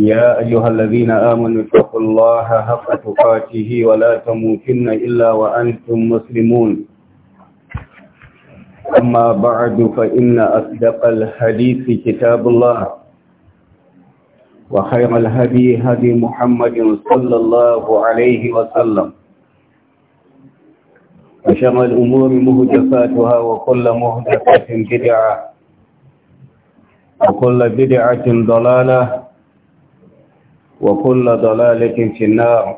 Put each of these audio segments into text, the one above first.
يا أيها الذين آمنوا اتقوا الله حق تقاته ولا تموتن إلا وأنتم مسلمون أما بعد فإن أصدق الحديث كتاب الله وخير الهدي هدي محمد صلى الله عليه وسلم وشر الأمور مهدفاتها وكل مهدفة بدعة وكل بدعة ضلالة وكل ضلالة في النار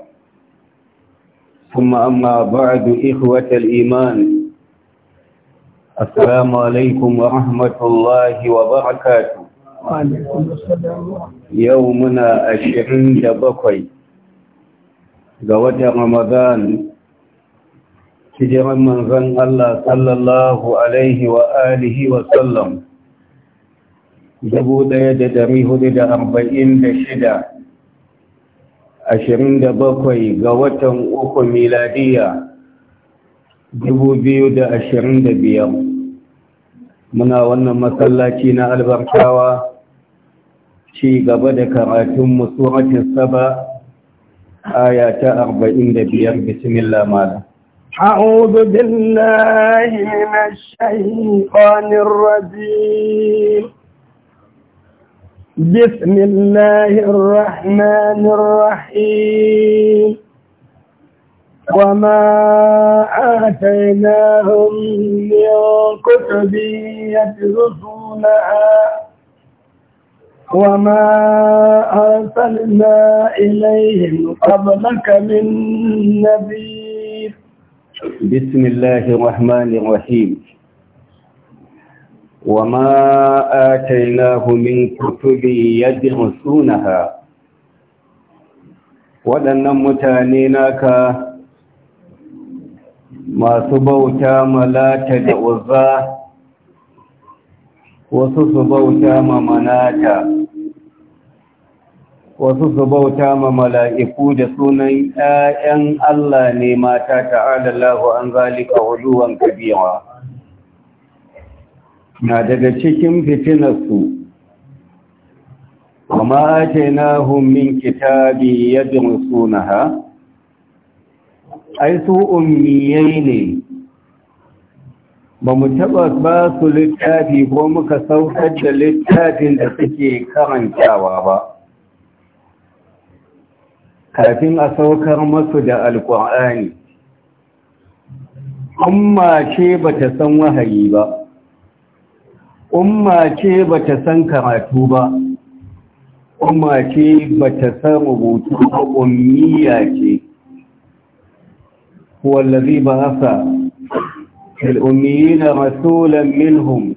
ثم أما بعد إخوة الإيمان السلام عليكم ورحمة الله وبركاته يومنا أشعين دبقي قوات رمضان hijiran manzan Allah sallallahu Alaihi wa alihi wa sallam, dubu ɗaya da dari hudu da arba'in da shida, ashirin da bakwai ga watan uku miladiya dubu biyu da ashirin da biyar muna wannan masallaci na albarkawa ci gaba da karatun musuratun saba aya ta arba'in da biyar bismillah malam أعوذ بالله من الشيطان الرجيم بسم الله الرحمن الرحيم وما آتيناهم من كتب يدرسونها وما أرسلنا إليهم قبلك من نذير بسم الله الرحمن الرحيم وما آتيناه من كتب يدرسونها waɗannan mutane naka masu bauta malata da uzza wasu su bauta ma manata wasu su bauta ma mala'iku da sunan ‘ya'yan Allah ne mata ta'adallahu an zalika huluwan kabiwa’ na daga cikin fitinarsu kuma ta na min kitabi yadda masu ha? ai su ummiyai ne ba mu taba ba su littafi ko muka saukar da littafin da suke karantawa ba kafin a saukar masu da alkur'ani amma ce ba ta san wahayi ba umma ce ba ta san karatu ba umma ce ba ta san rubutu ba ummiya ce wallazi ba hasa الأميين رسولا منهم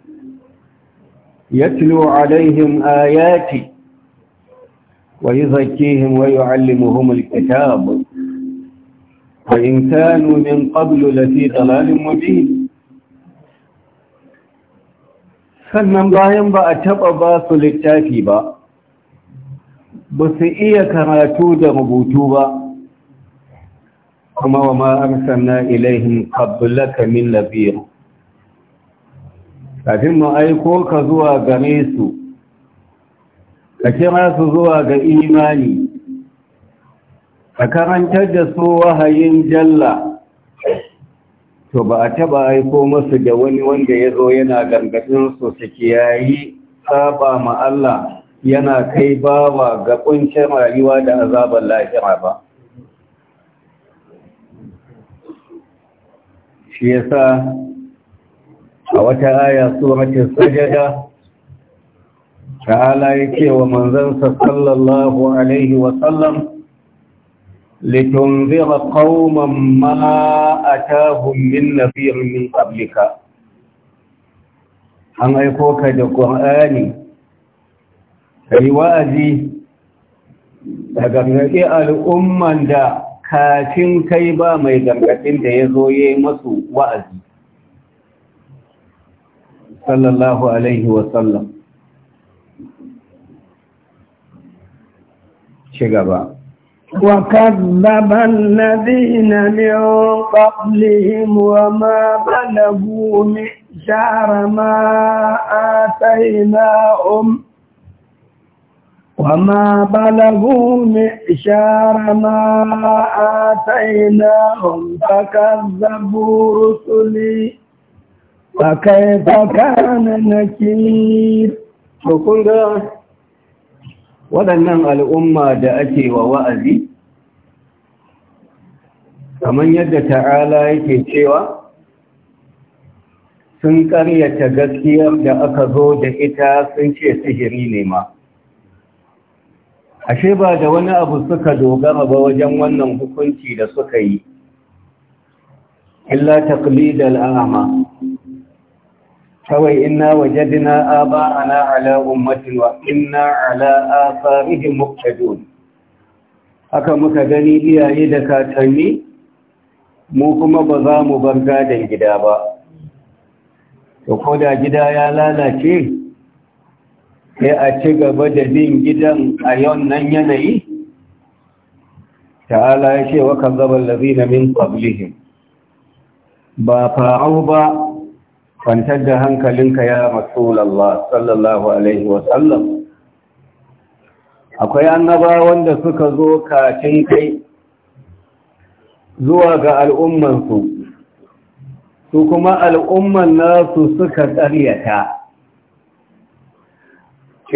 يتلو عليهم آياتي ويزكيهم ويعلمهم الكتاب وإن كانوا من قبل لفي ضلال مبين sannan bayan ba a taɓa ba su littafi ba ba su iya karatu da rubutu ba kuma wa sanna ilaihin abdullaka min nabiyyi kafin mu aiko ka zuwa gare su ka kira su zuwa ga imani ka karantar da su wahayin jalla to ba a taba aiko masu da wani wanda ya zo yana gargadin su ya yi saba ma Allah yana kai bawa ga kuncin rayuwa da azabar lahira ba shi yasa a wata aya suratul sajada ta'ala yake wa manzansa sallallahu alaihi wa sallam لتنذر قوما ما أتاهم من نذير من قبلك an aiko ka da ƙur'ani. ka wa'azi da gangaɗe al'umman da kafin kai ba mai gangaɗin da ya zo ya yi masu wa'azi sallallahu alaihi wasallam ci gaba وكذب الذين من قبلهم وما بلغوا مئشار ما آتيناهم وما بلغوا مئشار ما آتيناهم فكذبوا رسلي فكيف كان نكير وكل waɗannan al'umma da ake wa wa'azi kamar yadda ta'ala yake cewa sun ƙaryata gaskiyar da aka zo da ita sun ce sihiri ne ma ashe ba da wani abu suka dogara ba wajen wannan hukunci da suka yi illa taqlidal a'ma kawai inna wajadna aba'ana ana ummatin wa inna ala atharihim haka muka gani iyaye da katanni mu kuma ba za mu bar gadon gida ba to ko da gida ya lalace sai a ci gaba da bin gidan a nan yanayi ta'ala ya ce wa kazzabal na min ba fa'au ba kwantar da hankalinka ya rasulallah sallallahu alaihi wasallam akwai annaba wanda suka zo kacin kai zuwa ga al'ummansu su kuma al'umman nasu suka tsaryata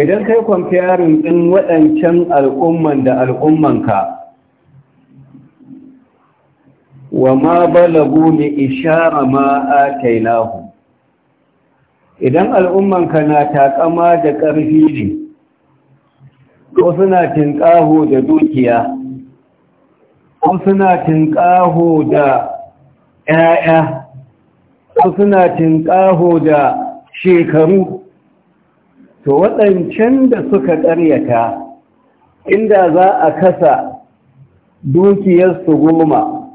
idan kai kwamfiyarin ɗin waɗancan al'umman da al'ummanka wa ma balagu ne ishara ma a nahu idan al'ummanka na takama da ƙarfi ne ko suna tinƙaho da dukiya ko suna tinƙaho da ‘ya'ya ko suna tinƙaho da shekaru to waɗancan da suka ƙaryata inda za a kasa dukiyarsu goma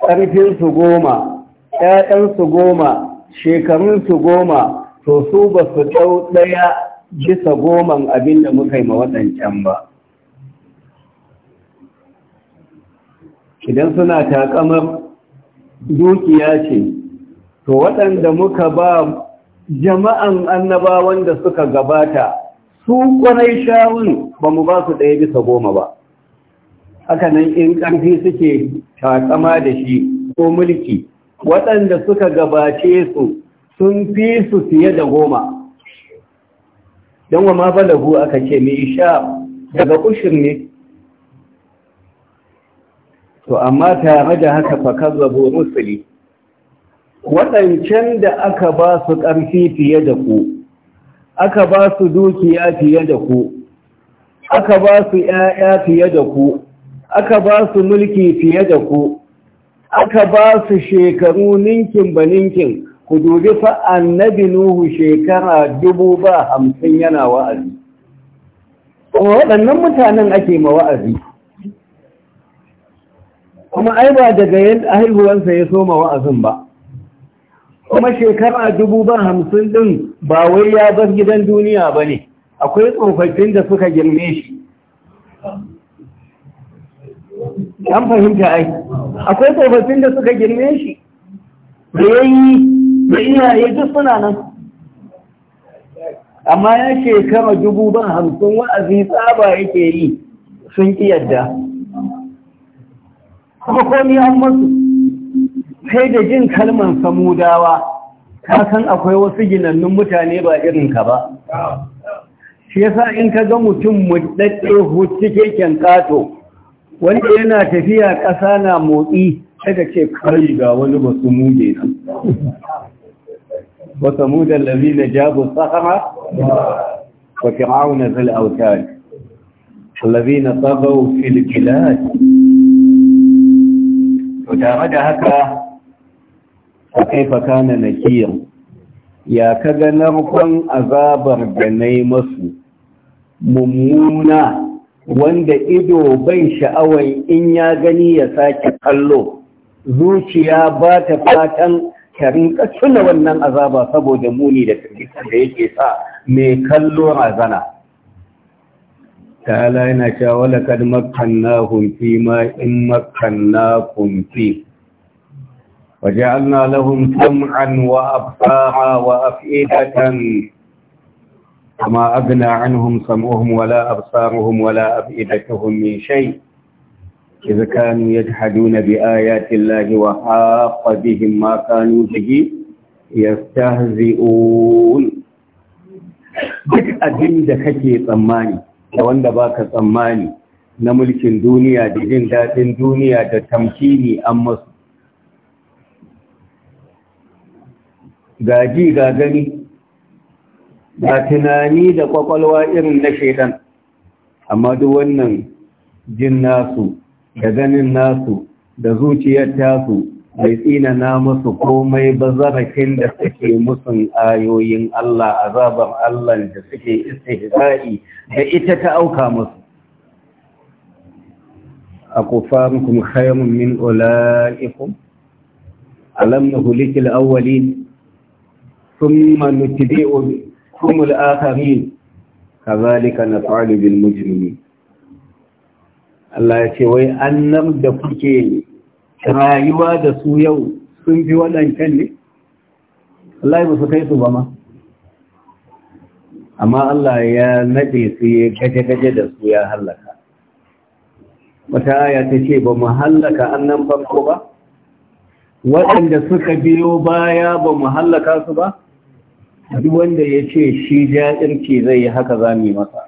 ƙarfinsu goma ‘ya'yansu goma shekarunsu goma to su ba su ɗau ɗaya bisa goman abin da muka yi ma waɗancan ba idan suna takamar dukiya ce to waɗanda muka ba jama'an Annaba wanda suka gabata su kwarai shawun ba mu ba su ɗaya bisa goma ba haka nan in ƙarfi suke takama da shi ko mulki waɗanda suka gabace su sun fi su fiye da goma don wa ma balagu aka ce mai sha daga ushir ne to amma tare da haka fakar zabo musuli waɗancan da aka ba su ƙarfi fiye da ku aka ba su dukiya fiye da ku aka ba su ‘ya'ya fiye da ku aka ba su mulki fiye da ku aka ba su shekaru ninkin ba ninkin ku dubi fa annabi nuhu shekara dubu ba hamsin yana wa'azi kuma waɗannan mutanen ake ma wa'azi kuma ai ba daga yin haihuwansa ya soma wa'azin ba kuma shekara dubu ba hamsin ɗin ba wai ya bar gidan duniya ba ne akwai tsofaffin da suka girme shi an fahimta ai akwai tsofaffin da suka girme shi da ya yi iyaye duk suna nan amma ya shekara dubu ban hamsin wa'azi tsaba yake yi sun ƙi yadda kuma komi an masu sai da jin kalman samudawa ka akwai wasu ginannun mutane ba irinka ba shi yasa in ka ga mutum mudadde hutu keken kato wanda yana tafiya ƙasa na motsi daga ce kai ga wani ba su muge nan وثمود الذين جابوا الصخر وفرعون في الأوتاد الذين طغوا في البلاد وتارد هكا فكيف كان نكير يا كذا نرقا أذابر جني مصر ممونا وند ايدو بين شاوي ان يا غني يا ساكي قلو zuciya ba ta fatan ka rinka tuna wannan azaba saboda muni da firgitar da yake sa mai kallo razana ta'ala yana cewa wala kad makkannahum fi ma in makkannakum fi waja'alna lahum sam'an wa absara wa af'idatan kama agna anhum sam'uhum wala absaruhum wala af'idatuhum min shay إذ كانوا يجحدون بآيات الله وحاق بهم ما كانوا به يستهزئون duk abin da kake tsammani da wanda baka tsammani na mulkin duniya da jin daɗin duniya da tamkini an masu gaji ga gani ga tunani da kwakwalwa irin na shaidan amma duk wannan jin nasu da ganin nasu da zuciyar tasu bai tsinana musu komai ba zarafin da suke musun ayoyin Allah azabar Allah da suke istihza'i da ita ta auka musu akufarukum khayrun min ulaiikum alam nuhlikil awwalin thumma nutbi'u kumul akharin kadhalika naf'alu bil mujrimin Allah ya ce wai annan da kuke rayuwa da su yau sun fi waɗancan ne Allah ya musu kai su ba ma amma Allah ya naɗe su ya gaje-gaje da su ya hallaka wata aya ta ce ba mu hallaka annan farko ba waɗanda suka biyo baya ba mu hallaka su ba duk wanda ya ce shi ja'irci zai yi haka za mu yi masa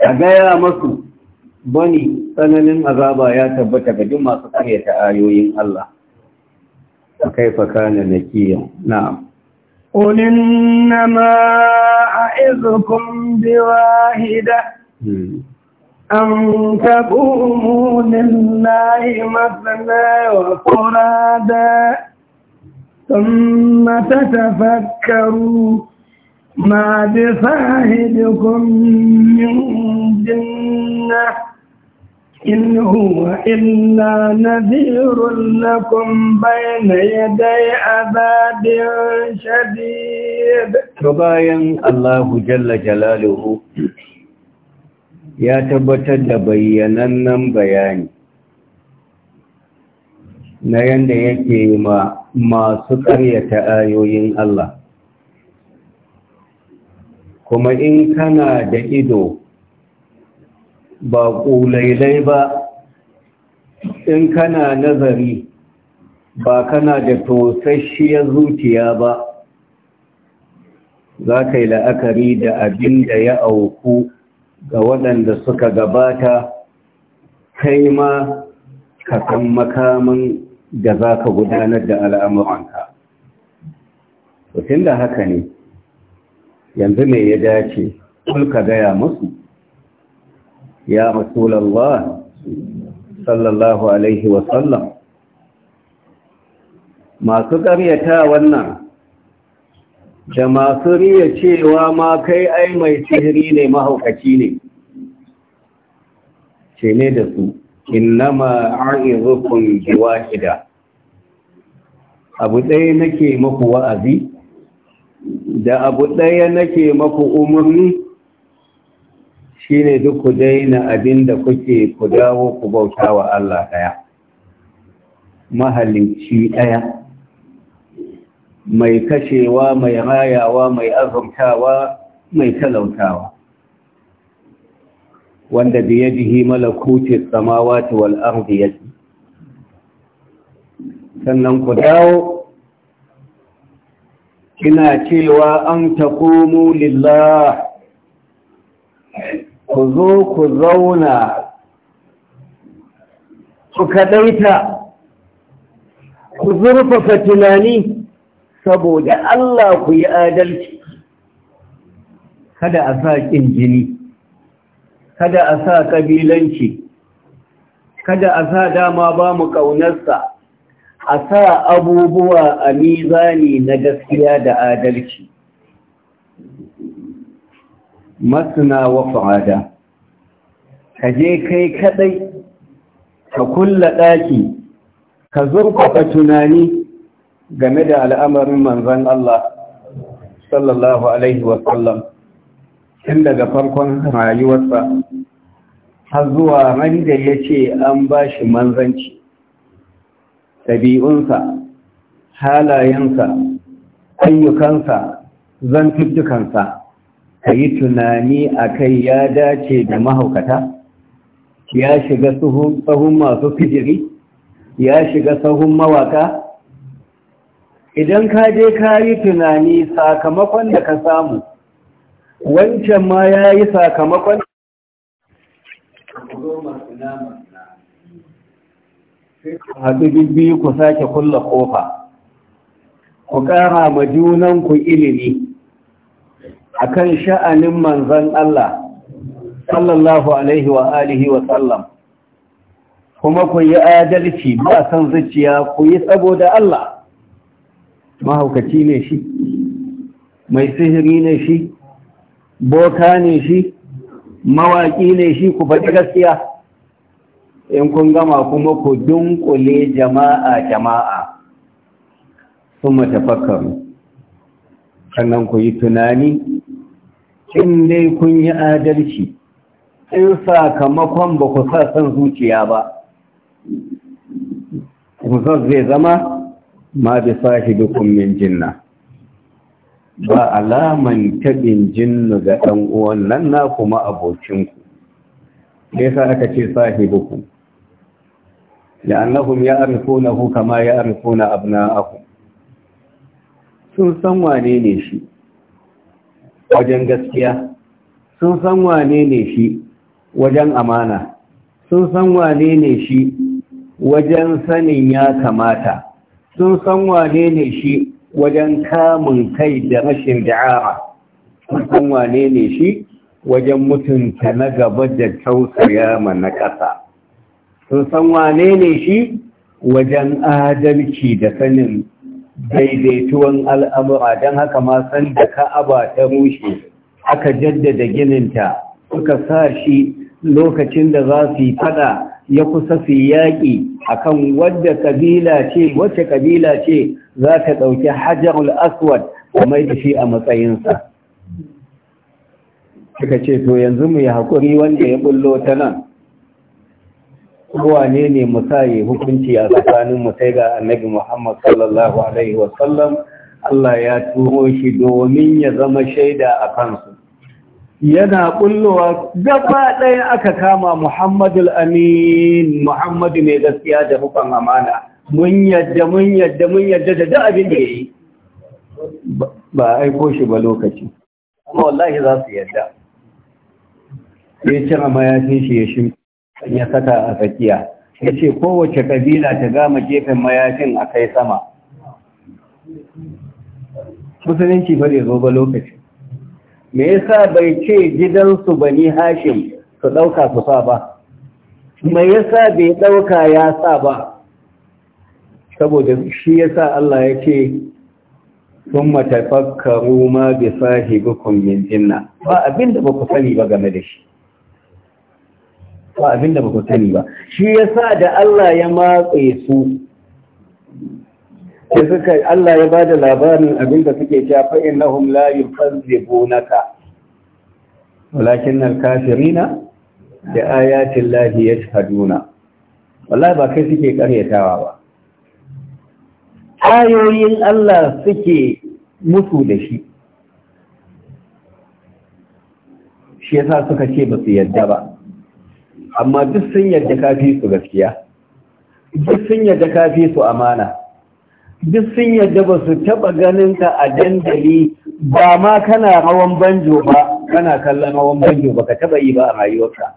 a gaya masu bani tsananin azaba ya tabbata ga jin masu karyata ayoyin Allah a kaifa kana na kiyon na'am ma a izukun biwa hida hmm. an taɓu munin layi matsalaiwa ƙura da sun mata ta ma bi sahibikum min jinna in huwa illa nadhirun lakum bayna yaday adabin shadid tubayan allah jalla jalaluhu ya tabbatar da bayyanannan bayani na yanda yake ma masu ƙaryata ayoyin Allah kuma in kana da ido ba ƙulailai ba in kana nazari ba kana da tosashiyar zuciya ba za ka yi la'akari da abin da ya auku ga waɗanda suka gabata kai ma ka san makamin da za ka gudanar da al'amuranka. Tun da haka ne, yanzu ne ya dace kulka gaya musu ya rasulallah sallallahu alaihi wasallam masu karyata wannan da masu riya cewa ma kai ai mai sihiri ne mahaukaci ne ce ne da su innama giwa biwahida abu ɗaya nake muku wa'azi da abu ɗaya nake maku umarni shine duk ku daina abin da kuke ku dawo ku bauta wa Allah ɗaya shi ɗaya mai kashewa mai rayawa mai azumtawa mai talautawa wanda biyadihi malakuti samawati wal ardi sannan ku dawo kina cewa an komo lillah ku zo ku zauna ku kaɗaita ku zurfafa tunani saboda Allah ku yi adalci kada a sa ƙin jini kada a sa ƙabilanci kada a sa dama ba mu ƙaunarsa a sa abubuwa a mizani na gaskiya da adalci masana wa fa'ada ka je kai kaɗai. ka kulla ɗaki, ka zurfafa tunani game da al'amarin manzan Allah sallallahu alaihi wa tun daga farkon rayuwarsa har zuwa ran da yace an bashi manzanci ɗabi'unsa halayensa ayyukansa zantuttukansa ka yi tunani a kai ya dace da mahaukata ya shiga tsohon masu fijiri ya shiga sahun mawaka idan ka je ka yi tunani sakamakon da ka samu wancan ma ya yi sakamakon da haɗu biyu ku sake kulla ƙofa ku ƙara ma junanku ilimi a sha'anin manzan Allah sallallahu alaihi wa alihi wa sallam kuma ku yi adalci ba san zuciya ku yi saboda Allah mahaukaci ne shi mai sihiri ne shi boka ne shi mawaƙi ne shi ku faɗi gaskiya in kun gama kuma ku dunkule jama'a jama'a sun matafakaru sannan ku yi tunani in dai kun yi adalci in sakamakon ba ku sa son zuciya ba musas zai zama ma bi sahibikun min jinna ba alaman taɓin jinnu ga ɗan uwan nan na kuma abokinku. sa aka ce sahibukun. لأنهم يعرفونه كما يعرفون abna'ahum sun san wane ne shi wajen gaskiya sun san wane ne shi wajen amana sun san wane ne shi wajen sanin ya kamata sun san wane ne shi wajen kamun kai da rashin da'ara sun san wane ne shi wajen mutunta na gaba da tausaya na ƙasa sun san wane ne shi wajen adalci da sanin daidaituwan al'amura don haka ma san da ka'aba ta rushe aka jaddada gininta suka sa shi lokacin da za su yi fada ya kusa su yaƙi a kan wadda kabila ce wacce kabila ce za ta ɗauki hajjarul aswad a mai da shi a matsayinsa suka ce to yanzu mu yi haƙuri wanda ya bullo ta nan kuwa ne yi hukunci a tsakanin mu ga annabi Muhammad sallallahu alaihi wasallam Allah ya turo shi domin ya zama shaida a kansu yana kullowa gaba ɗaya aka kama Muhammadul Amin Muhammadu mai gaskiya da hukun amana mun yadda mun yadda mun yadda da da abin da ya yi. ba aiko shi ba lokaci kuma wallahi za su yadda ya cire mayafin shi ya shimfi ya saka a tsakiya ya ce kowace kabila ta gama gefen mayafin a kai sama musulunci ba zai zo ba lokaci me yasa bai ce gidansu ba ni hashim su ɗauka su sa ba me yasa bai ɗauka ya sa ba saboda shi yasa Allah ya ce sun matafakkaru ma bi sahibukum yin jinna ba abinda ba ku sani ba game da shi ba abinda ba ku sani ba shi ya sa da Allah ya matse su Ya suka Allah ya ba da labarin abin da suke cewa fa innahum la ka. walakin na kafirina da ayatin lahi yashhaduna wallahi ba kai suke karyatawa ba ayoyin Allah suke musu da shi shi yasa suka ce ba su yadda ba amma duk sun yarda fi su gaskiya duk sun yarda fi su amana duk sun yarda ba su taɓa ganin ka a dandali ba ma kana rawan banjo ba kana kallon rawan banjo ba ka taba yi ba a rayuwarka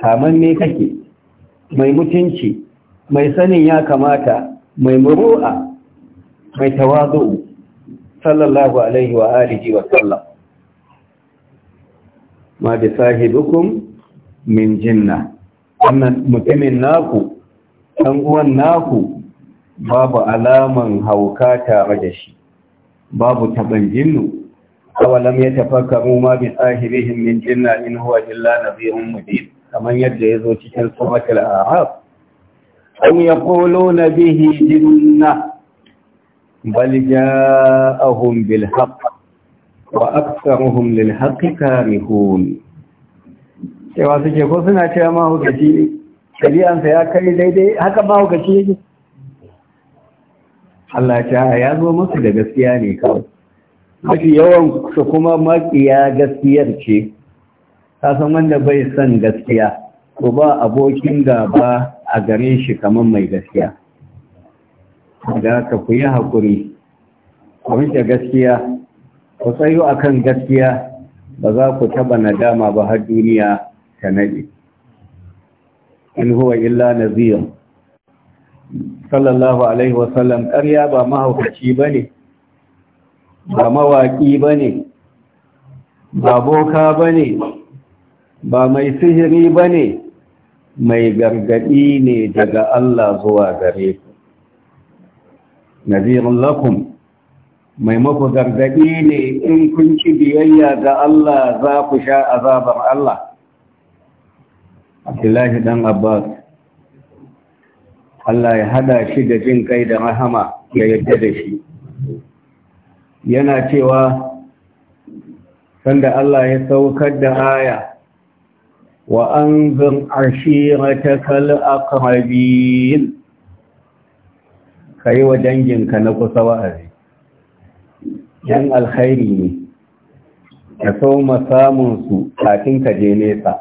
kaman ne kake mai mutunci mai sanin ya kamata mai muru'a mai tawazu. sallallahu alaihi wa alihi wa sallam ma bi sahibukum min jinna wannan mutumin naku ɗan uwan naku babu alaman hauka tare da shi babu taban jinnu awalam ya tafakkaru ma bi sahibihim min jinna in huwa illa nadhirun mubin kaman yadda yazo cikin suratul a'raf an yaquluna bihi jinna bal ja'ahum bil haqq وأكثرهم للحق كارهون cewa suke ko suna cewa mahaukaci ne ɗabi'ansa ya kai daidai haka mahaukaci yake Allah ta ya zo musu da gaskiya ne kawai mafi yawan su kuma maƙiya gaskiyar ce ta san wanda bai son gaskiya ko ba abokin gaba a gare shi kamar mai gaskiya da ka ku yi haƙuri ku gaskiya ku tsayo akan gaskiya ba za ku taba nadama ba har duniya ta nade in huwa illa nazir sallallahu alaihi wasallam ƙarya ba mahaukaci ba ne, ba mawaƙi ba ne, ba boka ne, ba mai sihiri ba ne. mai gargadi ne daga Allah zuwa gare ku nazirun lakum Mai mafi gargaɗi ne in kun ci biyayya ga Allah za ku sha azabar Allah Abdullahi ɗan Abbas Allah ya haɗa shi da jin kai da rahama ya yadda da shi yana cewa sanda Allah ya saukar da aya wa anzir ashiratakal ka yi wa danginka na kusa wa'azi yan alkhairi ne ka samun samunsu kafin ka je nesa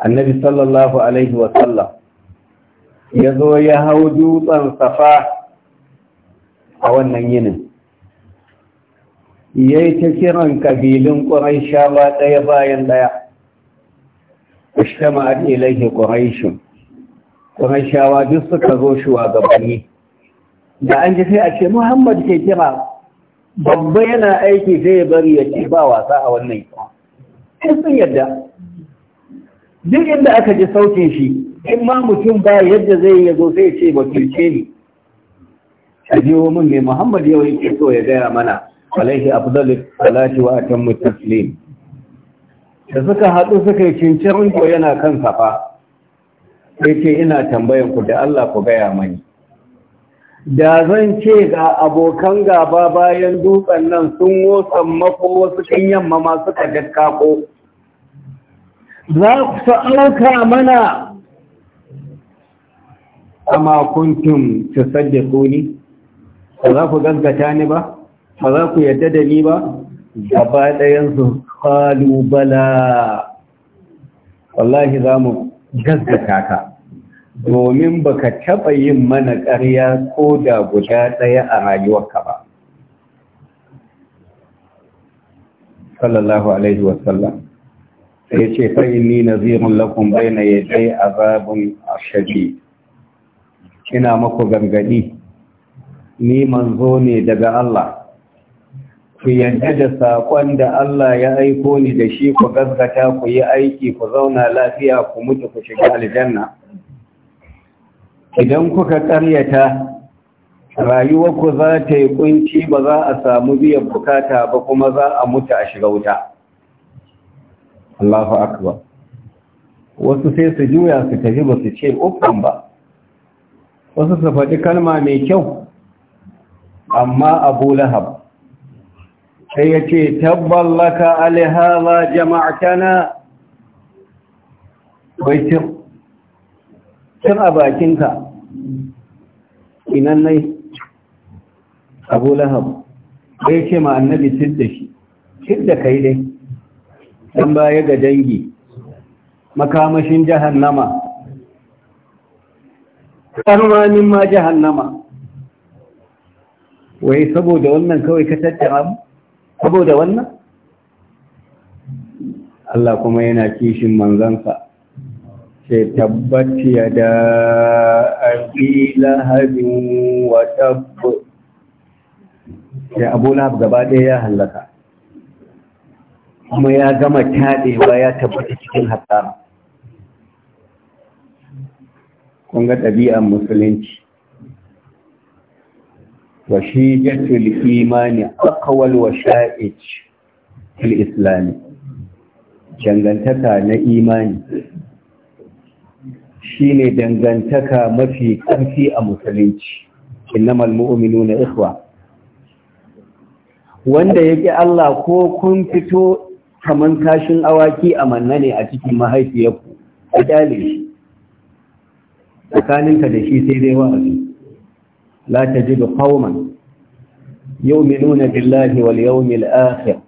annabi sallallahu alaihi wasallam ya zo ya hau dutsen safa a wannan yinin ya yi ta kiran kabilin ƙwarai shawa ɗaya bayan ɗaya ishtama an ilaihi ƙwaraishin ƙwarai shawa duk suka zo gabani. da an ji sai a ce Muhammadu ke kira babba yana aiki sai ya bari ya ce ba wasa a wannan kwan sai sun yadda duk inda aka ji saukin shi in ma mutum ba yadda zai ya zo sai ce kirce ni a wa mun mai muhammad yau yake so ya gaya mana alaihi afdal salati wa atammu taslim da suka haɗu suka yi cincin ko yana kan safa sai ce ina tambayan da Allah ku gaya mani da zan ce ga abokan gaba bayan dutsen nan sun motsa mako wasu kan yamma masu suka dakkako za ku sa'auka mana amma kuntum su da ni ba za ku gaggata ni ba ba za ku yadda da ni ba gaba ɗayan ɗayansu kalubala wallahi za mu gaggata ka domin baka taɓa yin mana ƙarya ko da guda ɗaya a rayuwarka ba sallallahu alaihi wasallam sai ce ni na zirin lakon baina ya dai azabin ashadi ina maku gangani, ni manzo ne daga Allah ku yadda da saƙon da Allah ya aiko ni da shi ku gaggata ku yi aiki ku zauna lafiya ku mutu ku shiga aljanna idan kuka karyata rayuwarku za ta yi kunci ba za a samu biyan bukata ba kuma za a mutu a shiga wuta Allahu akbar wasu sai su juya su tafi ba su ce uffan ba wasu su faɗi kalma mai kyau amma abu lahab sai ya ce tabballaka alihaza jama'atana baitin can a bakinka nai abu lahab bai ce ma annabi da shi sidda kai dai dan baya ga dangi makamashin jahannama karmanin ma jahannama wai saboda wannan kawai ka tattara saboda wannan Allah kuma yana kishin manzansa ce tabbat da abi lahabin wa sai abu gaba ɗaya ya hallaka kuma ya gama taɗewa ya tabbata cikin hasara kun ga musulunci wa shi jatul imani akawal wa sha'ij fil islami dangantaka na imani shine dangantaka mafi ƙarfi a musulunci innamal na ikhwa wanda yake Allah ko kun fito kaman kashin awaki a manna ne a cikin mahaifiyarku a kyale shi tsakaninka da shi sai dai wa'azi la tajidu qauman yu'minuna billahi wal yawmil akhir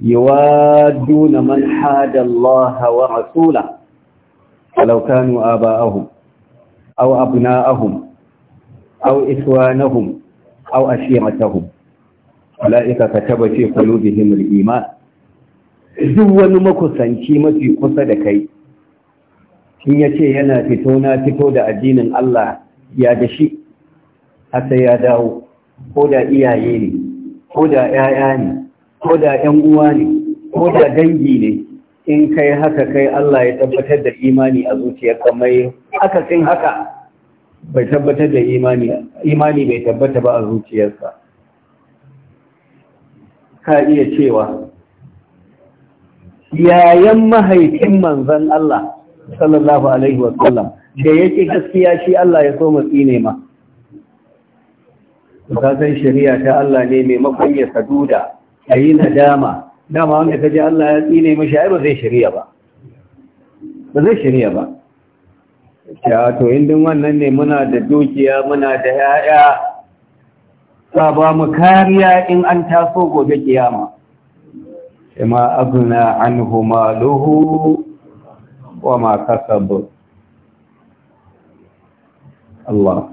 yuwadduna man hada Allah wa rasulahu ولو Au آباءهم أو أبناءهم أو إخوانهم أو أشيرتهم ce كتب في himar الإيمان duk wani makusanci mafi kusa da kai in ya ce yana fito na fito da addinin Allah ya da shi hasa ya dawo ko da iyaye ne ko da ‘ya'ya ne ko da ‘yan uwa ne ko da dangi ne in kai haka kai Allah ya tabbatar da imani a zuciyarka mai haka kin haka bai tabbatar da imani imani bai tabbata ba a zuciyarsa ka iya cewa yayan mahaifin manzon Allah sallallahu alaihi wa sallam da yake gaskiya shi Allah ya so matsi tsine ma ka san shari'a ta Allah ne mai makon ya saduda ayi nadama dama wanda ta ji Allah ya tsine mashi ai ba zai shirya ba ba zai shirya ba ya to indin wannan ne muna da dukiya muna da yaya ta ba mu kariya in an taso gobe kiyama kama abuna anhu maluhu wa ma kasab Allah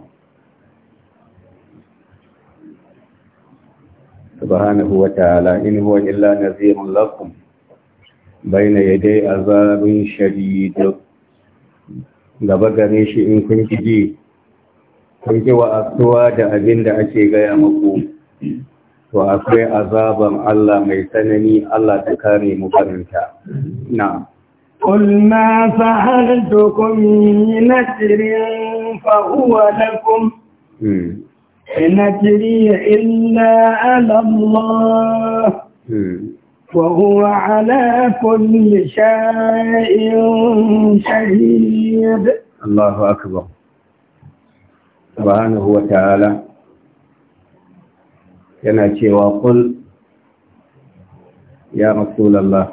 سبحانه وتعالى إن هو إلا نذير لكم بين يدي عذاب شديد gaba shi in kun kiji kun ji asuwa da abin da ake gaya muku to akwai azaban Allah mai tsanani Allah ta kare mu karanta na'am قل ما فعلتكم من نجر فهو لكم hmm. نجري إلا على الله hmm. وهو على كل شيء شهيد الله أكبر سبحانه وتعالى ينأتي وقل يا رسول الله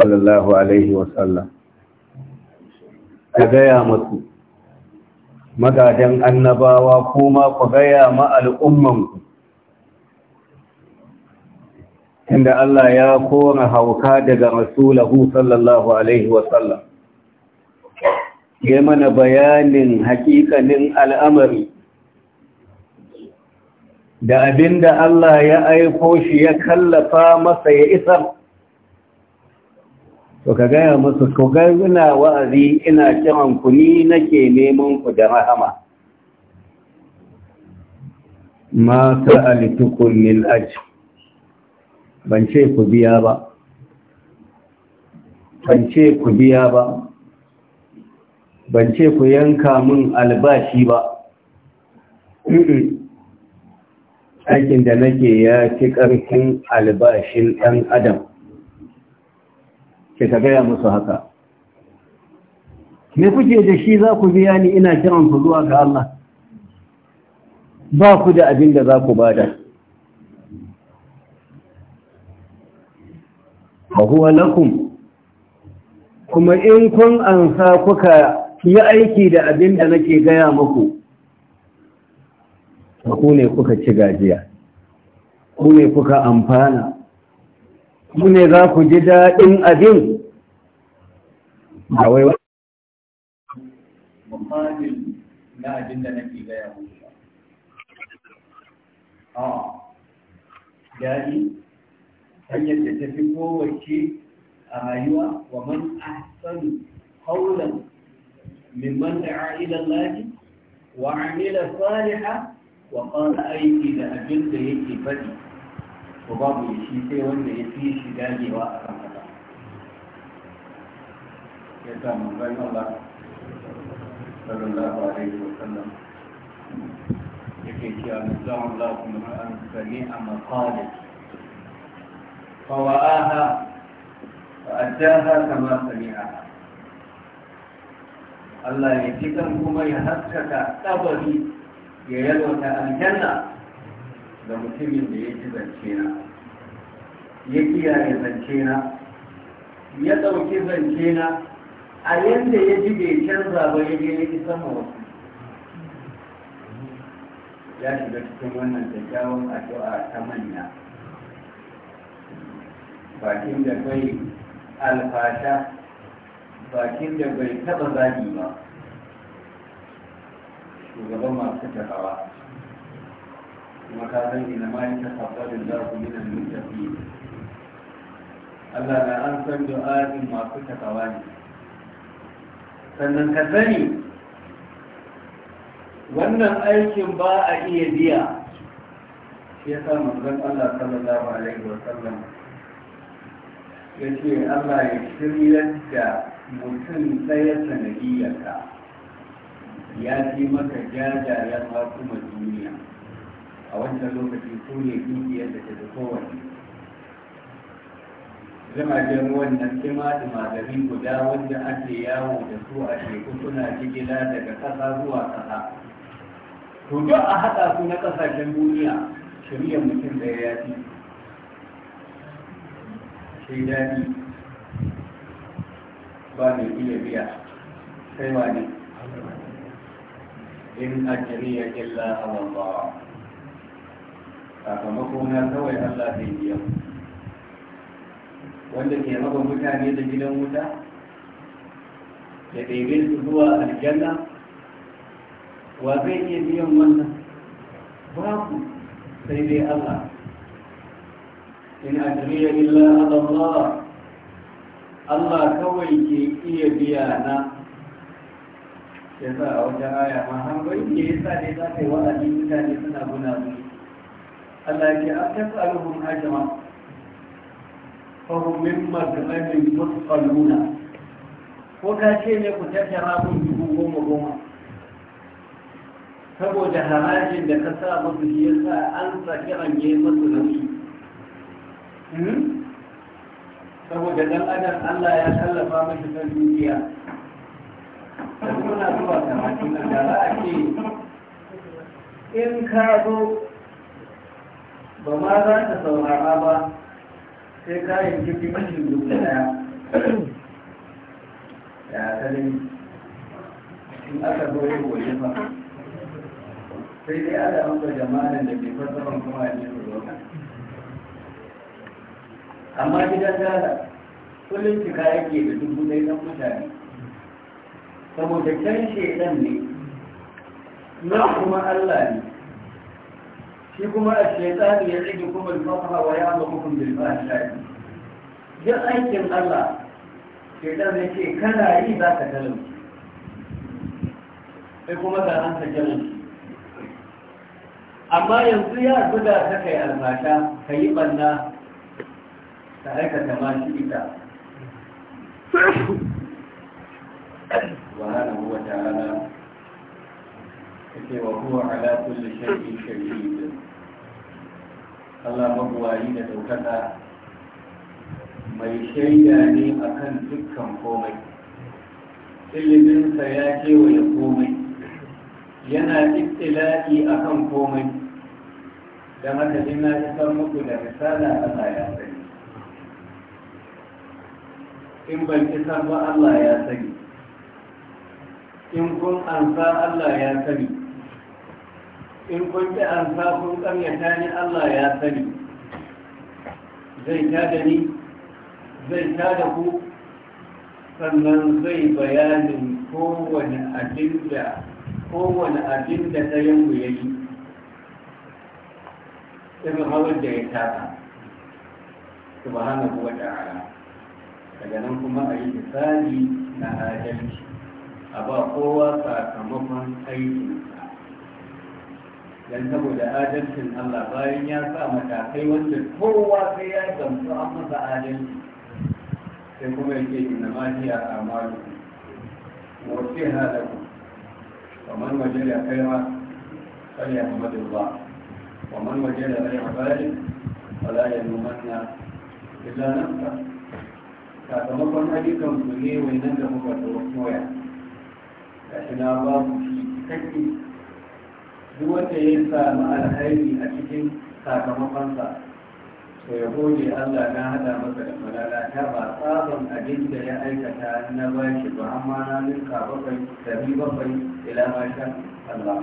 صلى الله عليه وسلم هذا يا مسلم magadan annabawa kuma ku gaya ma al'ummanku inda Allah ya kora hauka daga rasulahu sallallahu alaihi wasallam ya mana bayanin hakikanin al'amari da abinda Allah ya aiko shi ya kallafa masa ya isar to ka gaya musu to ga ina wa'azi ina kiran ku ni nake neman ku da rahama ma sa'alitukum min ajr ban ce ku biya ba ban ce ku biya ba ban ce ku yanka min albashi ba aikin da nake ya fi ƙarfin albashin dan adam sai ka gaya musu haka me kuke da shi za ku biya ni ina kiran ku zuwa ga Allah ba ku da abin da za ku bada fa huwa lakum kuma in kun ansa kuka yi aiki da abin da nake gaya muku ku ne kuka ci gajiya ku ne kuka amfana ku ne za ku ji daɗin abin ba wai ba na abin da nake gaya muku a ah. gari hanyar da ta fi kowace a rayuwa wa man ahsanu qawlan mimman da'a ila Allah wa amila salihan wa qala aiki da abin da yake faɗi ko babu shi sai wanda ya fi shi dagewa a kan ya sa manzon Allah sallallahu alaihi wasallam yake cewa manzon Allah kuma an sani a maqalat fawa'aha fa'addaha kama sami'aha Allah ya ji kan kuma ya haskaka tsabari ya yalwata aljanna da mutumin da ya ji zance na ya kiyaye zance na ya ɗauki zance na a yadda ya ji bai canza ba ya je ya ji sama wasu ya shiga cikin wannan kyakkyawan addu'a ta manya bakin da bai alfasha bakin da bai taba zagi ba shugaban masu tafawa kuma ka san ina ma yi tafafarin za ku minan mutafi Allah na an san du'a'in masu tafawa ne sannan ka sani wannan aikin ba a iya biya shi ya sa manzon Allah sallallahu alaihi wa ya ce Allah ya shirya da mutum ɗaya sanadiyyarka ya fi maka jajayen masu duniya a wancan lokaci su ne dukiyar da ta kowane jiragen ruwan nan kima da magarin guda wanda ake yawo da su a teku suna jigila daga ƙasa zuwa ƙasa to duk a haɗa su na ƙasashen duniya shirya mutum da ya fi sai daɗi ba mai iya biya sai ba ne in ajriya illa a Allah sakamako na kawai Allah zai biya wanda ke raba mutane da gidan wuta ya ɗebe su zuwa aljanna wa zai iya biyan wannan babu sai dai Allah in ajriya illa ala Allah Allah kawai ke iya biya na Ya sa a wata aya ma har bai ke yasa ne za ka yi wa'azi mutane suna guna Allah ya a a alhuhun ajma fahim min maglamin mutfaluna ko ka ce ne ku tattara mun dubu goma goma saboda harajin da ka sa musu shi yasa an sa saki range masu rashi saboda dan adam Allah ya tallafa mashi ta dukiya da muna zuwa karatu nan da za a ce in ka zo ba ma za ta saurara ba sai kayan jirgin mashi dubu daya da asalin in aka zo yi goyi fa sai dai ana maka jama'an da ke fasaban kuma ne su zo amma gidan dala kullum cika yake da dubu ɗaya na mutane saboda can shaidan ne na kuma allah ne shi kuma a shaitani ya rage kuma alfafa wa ya ma hukum bil fahsha duk aikin Allah shaitan ya ce kana yi za ka talauci sai kuma ga an ta talauci amma yanzu ya buga ta kai albasha, ka yi banna ta aikata ma shi ita سبحانه wa وهو ala كل شيء شهيد Allah magwayi da daukaka mai shaida ne akan dukkan komai iliminsa ya kewaye komai yana ittila'i akan komai don haka na isar muku da misala Allah ya sani in ban isar ba Allah ya sani in kun ansa Allah ya sani in kun ci an sa kun ƙaryata ni Allah ya sani zai ta da ni zai ta da ku sannan zai bayanin kowane abin da kowane abin da ɗayanmu ya yi irin hawar da ya taka subhanahu wa ta'ala daga nan kuma a yi misali na adalci a ba kowa sakamakon aikinsa dan saboda adalcin Allah bayan ya sa matakai wanda kowa sai ya gamsu an masa adalci sai kuma yake inna ma hiya amalu wa fiha lakum faman wajada khayra falyahmadillah waman wajada ghayra dhalik fala yalumanna illa nafsa sakamakon ayyukan su ne wainan da muka koya gashi na babu shi cikakke duk wanda ya samu alhairi a cikin sakamakonsa to ya goge Allah na hada masa da malala ta ba tsaban abin da ya aikata na shi ba amma na nuka bakwai dari bakwai ila ma sha Allah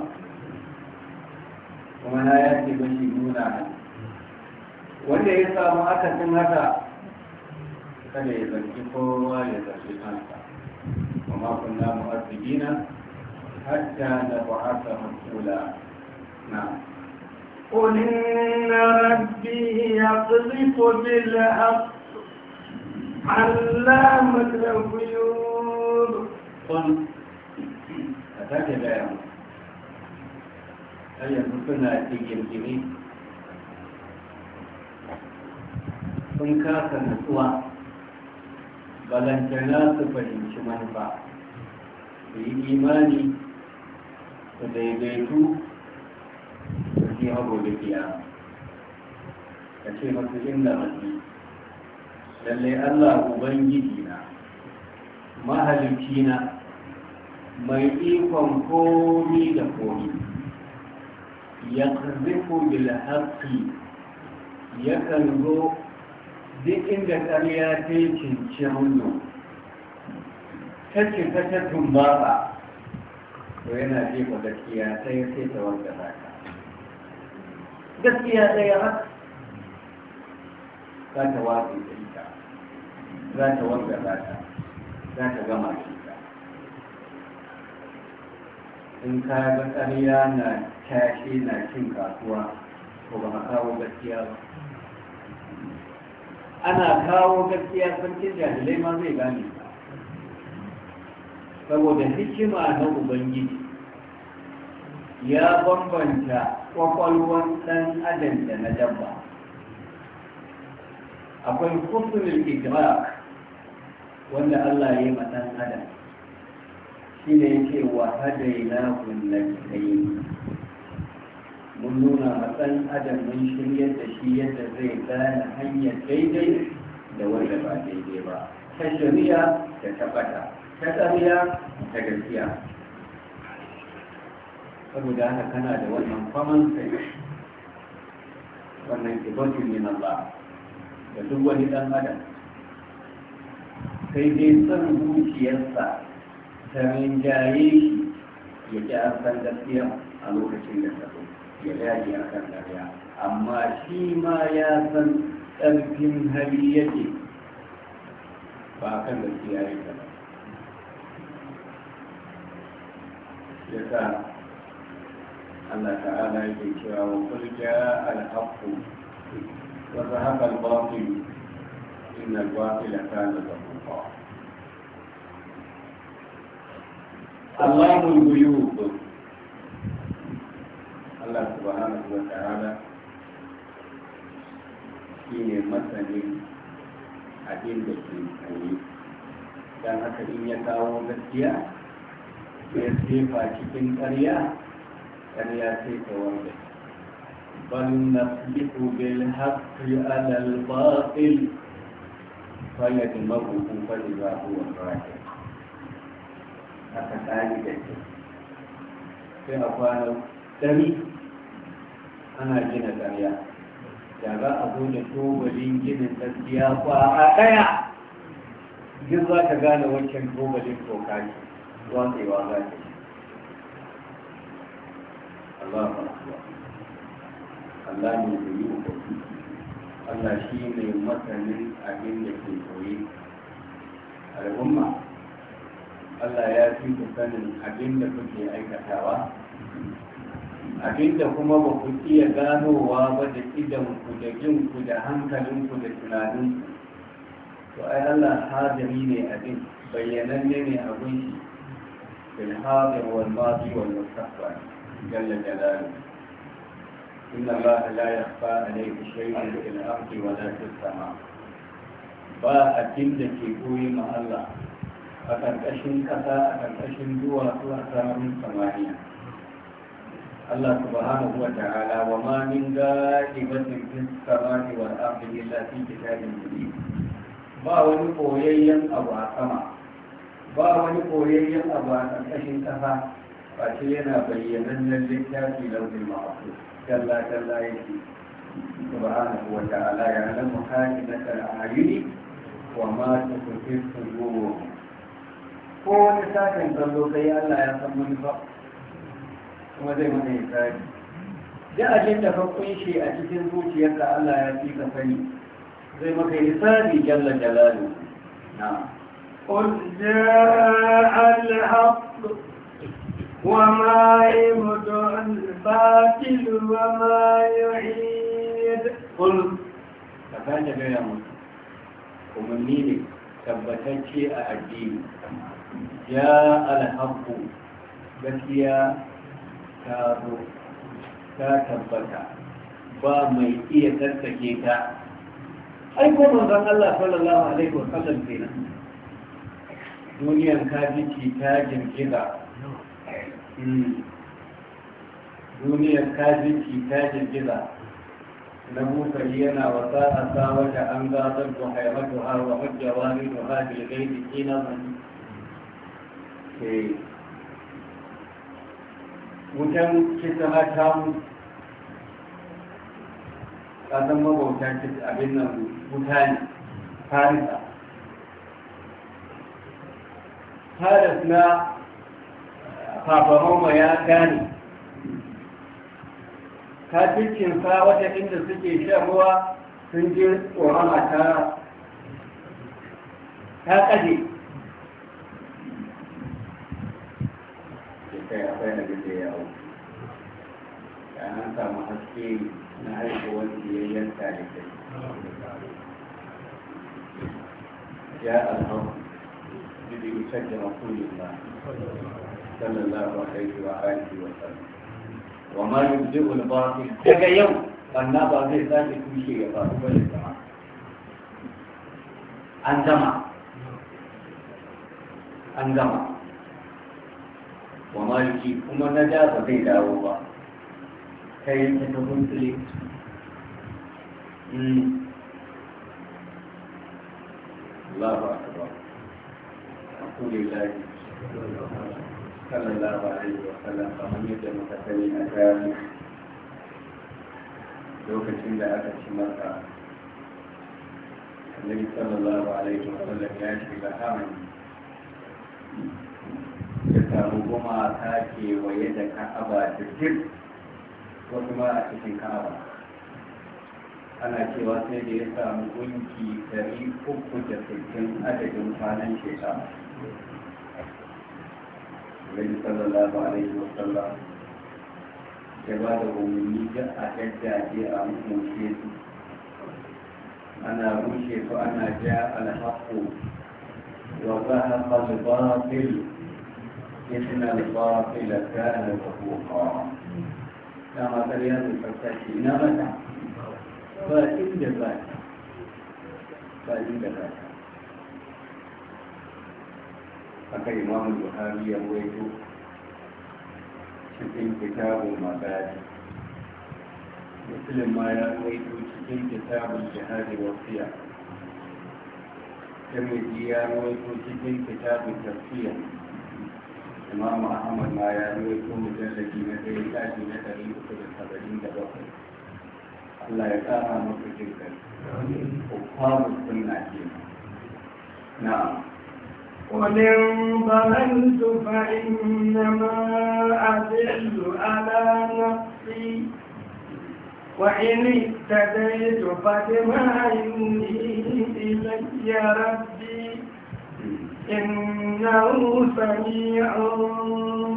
kuma na ce mashi nuna wanda ya samu akasin haka kada ya zargi kowa ya zargi kansa وما كنا مؤذبين حتى نبعث رسولا نعم قل إن ربي يقذف بالحق علام الغيوب قل أتاك بيان هل في الجميل sun kasa nutsuwa balantana su fahimci manufa su yi imani su daidaitu da ji hago da kiyama da ce masu inda masu lallai allah ubangiji na mahalicci na mai ikon komi da komi ya karzifu bil haqqi Ya zo duk inda ƙarya ta yi cincin ta ce ta ta tumbaɓa to yana jefa gaskiya sai sai ta wanda za ka gaskiya ɗaya haka za ta watsa da ita za ta wanda za ta za ta gama da ita in ka ga ƙarya na tashi na cin kasuwa to ba ma kawo gaskiya ba ana kawo gaskiya sarkin jahilai ma zai gane saboda hikima na ubangiji ya bambanta kwakwalwar ɗan adam da na dabba akwai husnul idrak wanda Allah ya yi ma ɗan adam shi ne yake wa hadaina kullatain mun nuna ma ɗan adam mun shirya da shi yadda zai gane hanyar daidai da wanda ba daidai ba ta shari'a da ta bata ta ƙarya da gaskiya saboda haka kana da wannan common sense wannan kibatu ne na ba da duk wani ɗan adam sai dai son zuciyarsa ta rinjaye shi ya ƙi an san gaskiya a lokacin da ta zo ya daji a kan ƙarya amma shi ma ya san ƙarfin hali yake ba a kan gaskiya ya yasa Allah ta'ala yake cewa wa qul jaa al-haqq wa zahaqa al-batil inna al-batila kana zahuqa Allahul ghuyub Allah subhanahu wa ta'ala shine masanin abin da ke koyi dan haka in ya kawo gaskiya ya jefa cikin ƙarya ƙarya sai ta wanda bal nasliku bil haqqi ala al batil fa yadmahu fa idha huwa raqib aka tsari da ke sai a kwana ɗari ana gina ƙarya da za a zo da tobalin ginin gaskiya ba a ɗaya duk za ka gane wancan tobalin toka watsewa za ta Allah ba Allah ne da yi ubangi Allah shi ne masanin abin da ke koyi al'umma Allah ya fi ku sanin abin da kuke aikatawa abinda kuma ba ku iya ganowa ba da idanku da jinku da hankalinku da tunaninku to ai Allah hadari ne abin bayyananne ne abin shi في الحاضر والماضي والمستقبل جل جلاله إن الله لا يخفى عليه شيء في الأرض ولا في السماء ba abin da ke goyi ma Allah a ƙarƙashin ƙasa a ƙarƙashin duwatsu a sararin samaniya Allah subhanahu wa ta'ala wa ma min gadibatin fis samai ba wani koyayyen abu a sama ba wani koyayyen abu a ƙarƙashin ƙasa ba face yana bayyanannen littafi launin ma'afu dalla ya yake subhanahu wa ta'ala ya alamu hajjata al'ayuni wa ma ta kufi sujuwo ko wani sakan kallo sai Allah ya san manufa kuma zai mana ya tsari da abin da ka kunshe a cikin zuciyarka Allah ya fi ka sani zai maka ya tsari jalla jalalu na'am قل جاء الحق وما يبدع الباطل وما يعيد قل تفاني بيا موسى ومنيني ثبتت شيء الدين جاء الحق بس يا كابو كتبتا بما يتركك أي قوم الله صلى الله عليه وسلم فينا duniyan ta ta girgiza hmm. duniyar ta jiki ta girgiza na bukari yana wasa a da an gazar da haimatu har wa hujjawa ne da ha bai gai jiki na zani eh. wutan kisa hata mu kasan mabauta abin nan mutane farisa hadas na fafamanwa ya gane kafincinsa wata inda suke shan ruwa sun je tsoron a ta kaje kai akwai da da na haihuwar biyayyen talibai ya alhau المسجد يشد رسول الله صلى الله عليه وآله وسلم وما يبدئ الباطل daga yau anna ba zai sake tushe ya faru ba da jama'a an gama an gama wa maliki kuma na da zai dawo ba kai ba رسول الله صلى الله عليه وسلم فمن يجمع متسلي أكامل lokacin da aka ci masa annabi sallallahu alaihi wasallam ya shiga hamani ya samu kuma ta kewaye da ka'aba da jir wasu ma a cikin ka'aba ana cewa sai da ya samu gunki 360 adadin kwanan shekara النبي صلى الله عليه وسلم جواده مني أحجى جاء مسلم أنا مشيت أنا جاء الحق وذهب الباطل إن الباطل كان زهوقا كما نعم، تريد الفتاة نمتا نعم. فإن ذلك فإن ذلك haka imam buhari ya waito cikin kitabun mabadi muslim ma ya waito cikin kitabun jihadi wasiya tirmidhi ya waito cikin kitabun tafsir imam ahmad ma ya waito mujallabi na ɗaya tashi na ɗari uku da saba'in da bakwai Allah ya ƙara masa jin kai. Ukwamu sunna kenan. Na'am. ومن ضللت فإنما أذل على نفسي وإن اهتديت فبما يوحي إلي ربي إنه سميع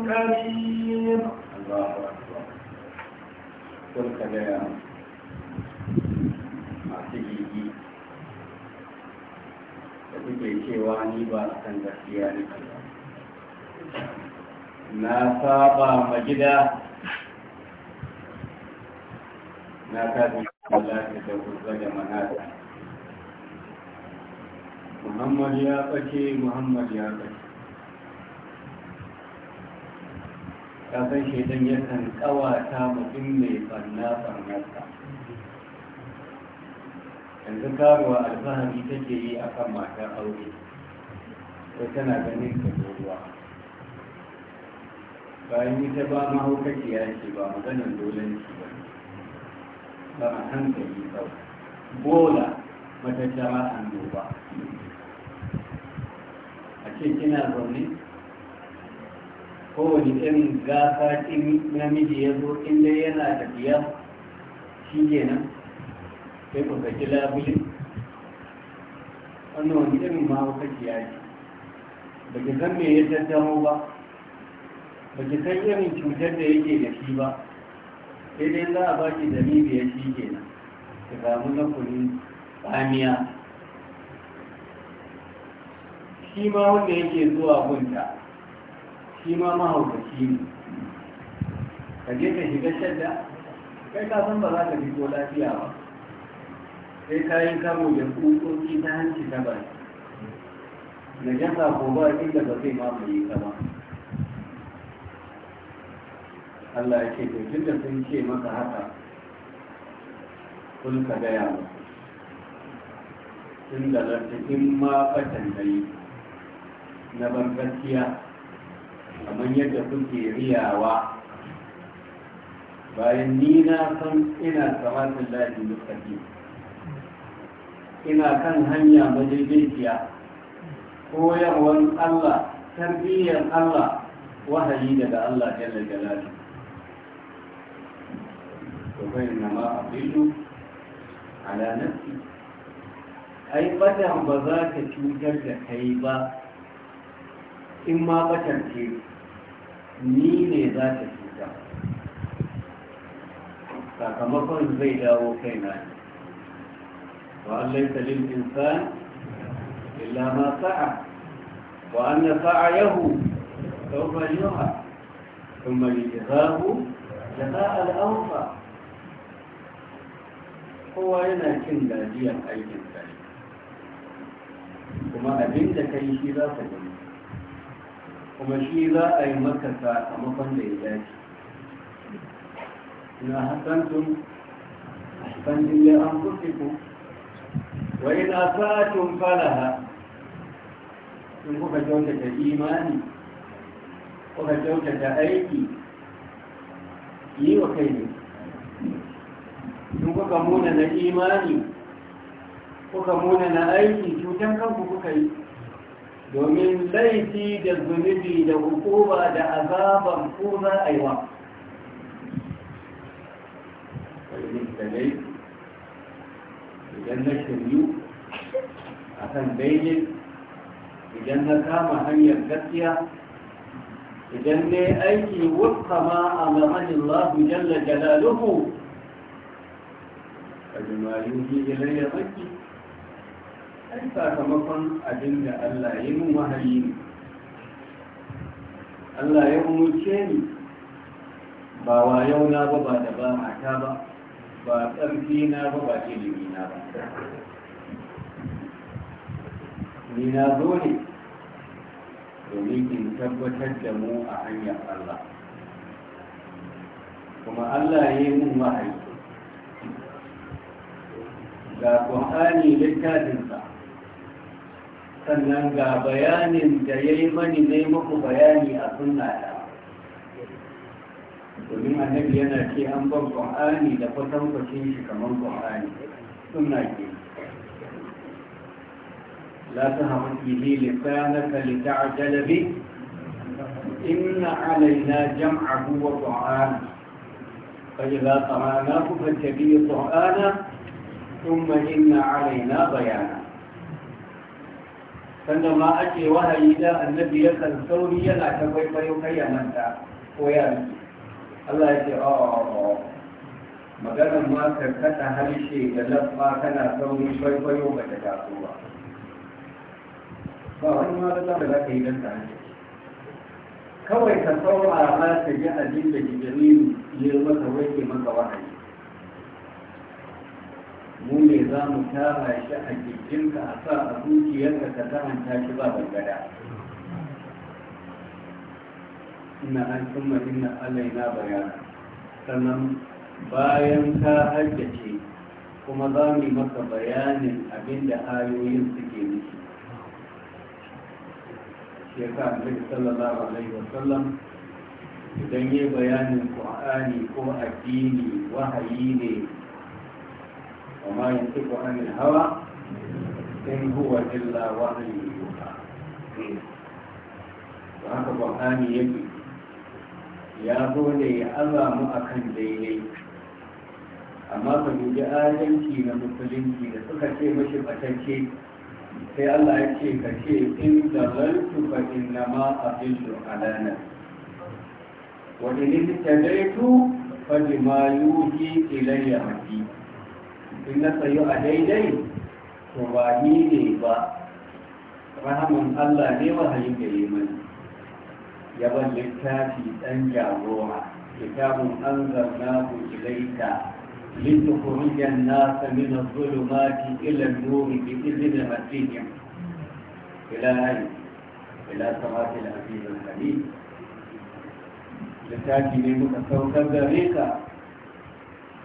قريب الله أكبر suke cewa ni ba a kan gaskiya ne na saba ma gida na tafi lalata da kusa da manata muhammad ya ɓace muhammad ya ɓace ya san shaidan yakan kawata mutum mai ɓanna ɓannarsa yanzu karuwa alfahari take yi a kan matan aure ko tana ganin ka zuwa bayan ita ba mahaukaciya ce ba maganin ne ba ba a hankali kawai bola matattara ba. a ce kina zaune kowane irin gasa namiji ya zo inda yana tafiya shi kenan sai ku saki labule wannan wani irin ma kuka kiyaye ba ki san me ya tattamo ba ba ki san irin cutar da yake da shi ba sai dai za a baki dalili ya shi nan. ki samu na kunin tsamiya shi ma wanda yake zuwa gunta shi ma mahaukaci ne ka je ka shiga shadda kai ka san ba za ka fito lafiya ba sai ka yi karo da tsutsotsi ta hanci ta ba na jasa ko ba inda ba zai mamaye ka ba Allah ya ce tun da sun ce maka haka kun ka gaya ba tun da ma fatan da yi na bangaskiya kamar yadda kuke riyawa bayan ni na san ina samatun lafi lokaci ina kan hanya majalibinciya koyarwan Allah tarbiyyar Allah wahayi daga Allah jalla jalali to kai na ma abidu ala nafsi ai batan ba za ta cutar da kai ba in ma batan ce ni ne za ta cuta sakamakon zai dawo kaina ne وأن ليس للإنسان إلا ما سعى وأن سعيه سوف يرى ثم يجزاه جزاء الأوفى هو هنا كن لاجيا أي إنسان وما أبين لكي شيء لا تجمع وما شيء لا أي مكة أمطن لإلاجه إن أحسنتم أحسنتم لأنفسكم wa in asatun falaha in kuka kyautata imani kuka kyautata aiki yi wa kai ne in kuka muna na imani kuka muna na aiki cutan kanku kuka yi domin laifi da zunubi da hukuma da azaban ku za a yi wa ƙarfi da idan na shiryu a kan daidai idan na kama hanyar gaskiya idan ne aiki wata ma a mamanin lafi jalla jalaluhu kaji ma yi ilayya tsaki, ai sakamakon abin da allah yi mun wahayi ne allah ya umurce ni ba wa yau na ba ba da ba mata ba ba ƙarfi na ba ba ilimi na ba ni na zo ne domin in tabbatar da mu a hanyar Allah kuma Allah ya yi mun wahayi ga ƙwa'ani littafinsa sannan ga bayanin da ya yi mani ne muku bayani a sunna domin annabi yana ce an ban ƙwa'ani da fatan kwacin shi kamar ƙwa'ani suna ke la ta hamu ili lisanaka li ta'jala bi inna alaina za wa qur'ana fa idza qara'nahu fattabi qur'ana thumma inna alaina bayana sanda ma ake wahayi da annabi ya yakan sauri yana ta kwaikwayo kai ya manta ko ya Allah ya ce awa oh, oh, oh. maganar ma kada harshe da lafa tana sauri kwaikwayo ba ta taso ba ba wani ma da za ka yi don ta hanyar. kawai ka saurara ma ka ji abin da jibrilu ya maka wake maka wahayi mu ne za mu tara shi a jikinka a sa a zuciyarka ka karanta shi ba bangada ina an cimma ina alaina bayana sannan bayan ka haddace kuma za mu maka bayanin abinda ayoyin suke nufi shi ya sa annabi sallallahu alaihi wasallam idan yi bayanin qur'ani ko addini wahayi ne amma وما ينطق عن الهوى إن هو إلا وحي يوحى وهكذا القرآن يجب ya zo ne ya aza mu a kan daidai amma ka dubi adalci na musulunci da suka ce mashi fatacce sai Allah ya ce ka ce in da zalaltu fa na ma a ala Wani wa in tadaitu fa bima yuhi ilayya hadi in na tsayu a daidai to ba ni ne ba rahamun Allah ne wahayin da yi mani ya ban littafi ɗan jagora kitabun an zarna ku ilaita لتخرج الناس من الظلمات إلى النور بإذن مسيحهم إلى أين؟ إلى صراط العزيز الحميد littafi ne muka saukar gare ka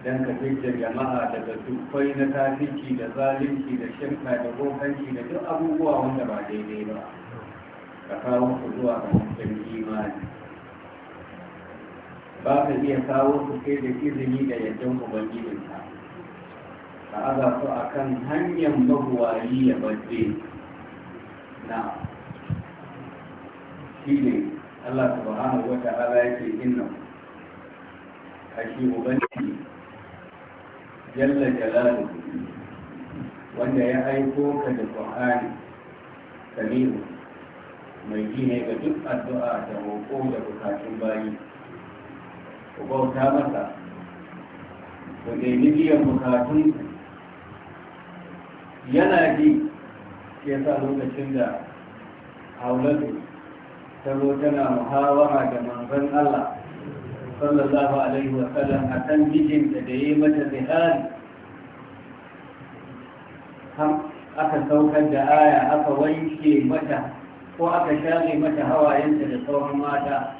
don ka fitar jama'a daga dukkai na tafici da zalunci da shirka da bokanci da duk abubuwa wanda ba daidai ba ka kawo su zuwa a hasken imani ba ka iya kawo su sai da izini da yaddan ubangijinka ka aza su a kan hanyar mahuwari ya bace na shi ne allah subhanahu wa ta'ala yake inna kashi ubangiji jalla jalalu wanda ya aiko ka da qur'ani sami'u mai ji ga duk addu'a da roƙo da bukatun bayi ku bauta masa ku nemi biyan bukatun yana ji ya sa lokacin da haulatu ta zo tana muhawara da manzon Allah sallallahu alaihi wa sallam a kan mijinta da yi mata zihari aka saukar da aya aka wanke mata ko aka shafe mata hawayenta da sauran mata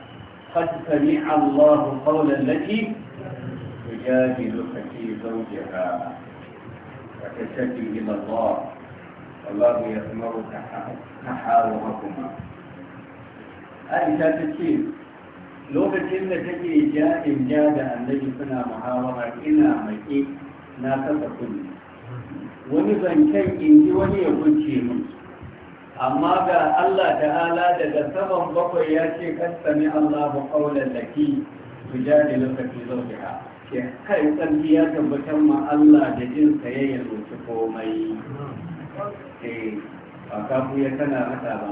قد سمع الله قول التي تجادلك في زوجها وتشتكي الى الله والله يسمع تحاوركما عائشة تشير lokacin da take ja in ja da annabi suna muhawara ina maki na kasa kulli wani zancen in ji wani ya kunce min amma ga Allah ta'ala daga saman bakwai ya ce ne Allah ba kaunar ki su ja da lokaci ha ke kai tsanki ya tabbatar ma Allah da jin ya zuci komai ke eh, ba kafu ya tana mata ba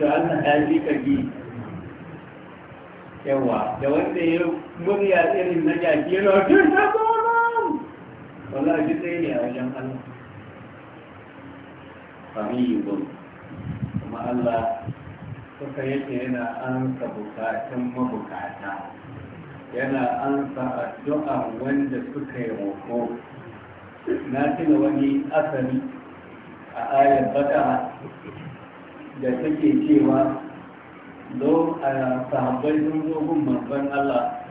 da Allah ya ji kaki yawa da wanda ya murya irin na jaki yana wata ta gona wala ne a wajen Allah qaribun kuma Allah suka yake yana ansa bukatun mabukata yana ansa addu'a wanda suka yi roƙo na tuna wani asali a ayar baka da take cewa do a sahabbai sun zo gun manzon Allah